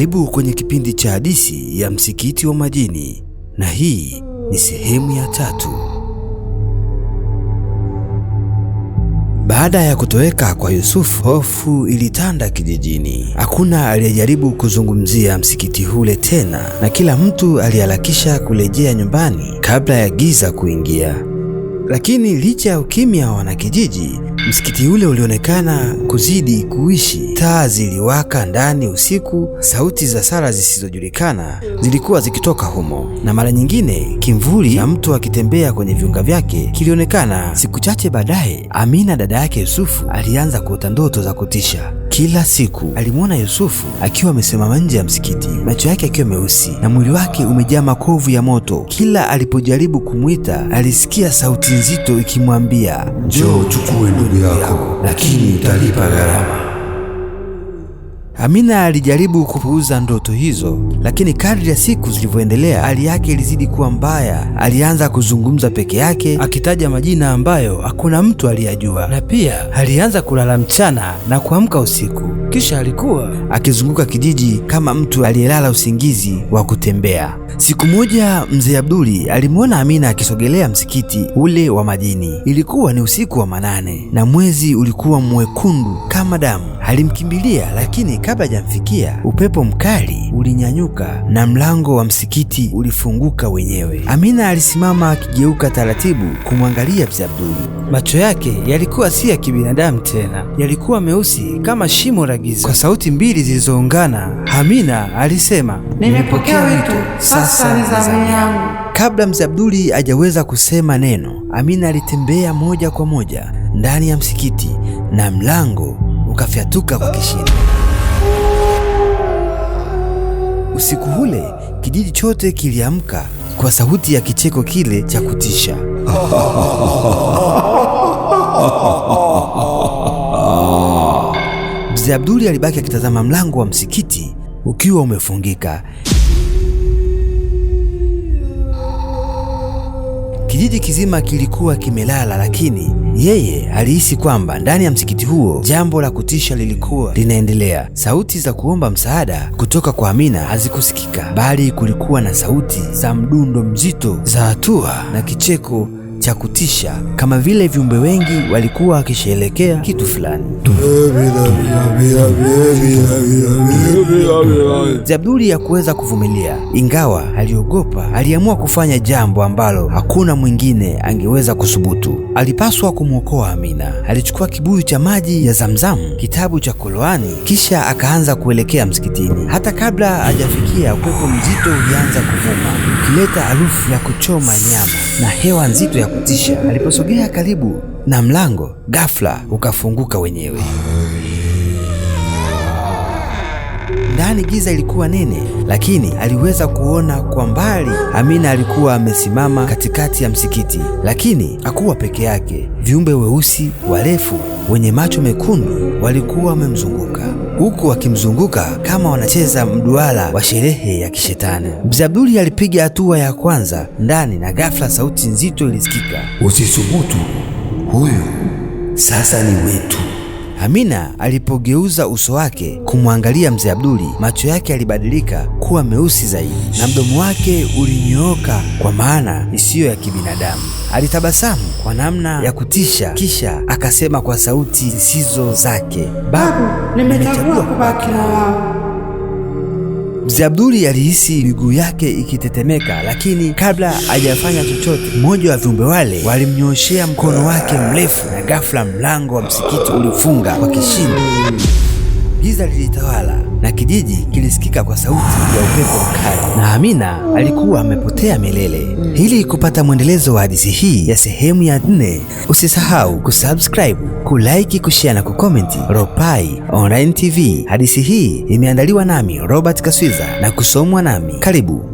Karibu kwenye kipindi cha hadithi ya msikiti wa majini, na hii ni sehemu ya tatu. Baada ya kutoweka kwa Yusufu, hofu ilitanda kijijini. Hakuna aliyejaribu kuzungumzia msikiti ule tena, na kila mtu aliharakisha kurejea nyumbani kabla ya giza kuingia. Lakini licha ya ukimya wa wanakijiji, msikiti ule ulionekana kuzidi kuishi. Taa ziliwaka ndani usiku, sauti za sala zisizojulikana zilikuwa zikitoka humo, na mara nyingine kimvuli na mtu akitembea kwenye viunga vyake kilionekana. Siku chache baadaye, Amina dada yake Yusufu alianza kuota ndoto za kutisha. Kila siku alimwona Yusufu akiwa amesimama nje ya msikiti, macho yake akiwa meusi na mwili wake umejaa makovu ya moto. Kila alipojaribu kumwita, alisikia sauti nzito ikimwambia, njoo chukue ndugu yako, lakini utalipa gharama. Amina alijaribu kupuuza ndoto hizo, lakini kadri ya siku zilivyoendelea, hali yake ilizidi kuwa mbaya. Alianza kuzungumza peke yake, akitaja majina ambayo hakuna mtu aliyajua, na pia alianza kulala mchana na kuamka usiku. Kisha alikuwa akizunguka kijiji kama mtu aliyelala usingizi wa kutembea. Siku moja, mzee Abduli alimwona Amina akisogelea msikiti ule wa majini. Ilikuwa ni usiku wa manane na mwezi ulikuwa mwekundu kama damu. Alimkimbilia, lakini kabla hajamfikia, upepo mkali ulinyanyuka na mlango wa msikiti ulifunguka wenyewe. Amina alisimama akigeuka taratibu kumwangalia Bi Abduli. Macho yake yalikuwa si ya kibinadamu tena, yalikuwa meusi kama shimo la giza. Kwa sauti mbili zilizoungana, Amina alisema, nimepokea wito, sasa ni zamu yangu. Kabla Mzee Abduli hajaweza kusema neno, Amina alitembea moja kwa moja ndani ya msikiti na mlango ukafyatuka kwa kishindo. Usiku ule kijiji chote kiliamka kwa sauti ya kicheko kile cha kutisha. Mzee Abduli alibaki akitazama mlango wa msikiti ukiwa umefungika. Kijiji kizima kilikuwa kimelala, lakini yeye alihisi kwamba ndani ya msikiti huo jambo la kutisha lilikuwa linaendelea. Sauti za kuomba msaada kutoka kwa Amina hazikusikika, bali kulikuwa na sauti za mdundo mzito za hatua na kicheko cha kutisha, kama vile viumbe wengi walikuwa wakisherehekea kitu fulani. Zaburi ya kuweza kuvumilia, ingawa aliogopa, aliamua kufanya jambo ambalo hakuna mwingine angeweza kusubutu. Alipaswa kumwokoa Amina. Alichukua kibuyu cha maji ya Zamzam, kitabu cha Qur'ani, kisha akaanza kuelekea msikitini. Hata kabla hajafikia, upepo mzito ulianza kuvuma ukileta harufu ya kuchoma nyama na hewa nzito ya kutisha. Aliposogea karibu na mlango, ghafla ukafunguka wenyewe. Yaani giza ilikuwa nene, lakini aliweza kuona kwa mbali Amina alikuwa amesimama katikati ya msikiti, lakini hakuwa peke yake. Viumbe weusi warefu wenye macho mekundu walikuwa wamemzunguka huku wakimzunguka kama wanacheza mduara wa sherehe ya kishetani. Mzaburi alipiga hatua ya kwanza ndani, na ghafla sauti nzito ilisikika, usisubutu, huyu sasa ni wetu. Amina alipogeuza uso wake kumwangalia mzee Abduli, macho yake yalibadilika kuwa meusi zaidi na mdomo wake ulinyooka kwa maana isiyo ya kibinadamu. Alitabasamu kwa namna ya kutisha, kisha akasema kwa sauti zisizo zake, babu, nimechagua kubaki na wao. Mzee Abduli alihisi miguu yake ikitetemeka, lakini kabla hajafanya chochote, mmoja wa viumbe wale walimnyooshea mkono wake mrefu, na ghafla mlango wa msikiti ulifunga kwa kishindo. Giza lilitawala na kijiji kilisikika kwa sauti ya upepo mkali, na Amina alikuwa amepotea milele. Ili kupata mwendelezo wa hadithi hii ya sehemu ya nne, usisahau kusubscribe, kulike, kushare na kukomenti. Ropai Online TV, hadithi hii imeandaliwa nami Robert Kaswiza na kusomwa nami. Karibu.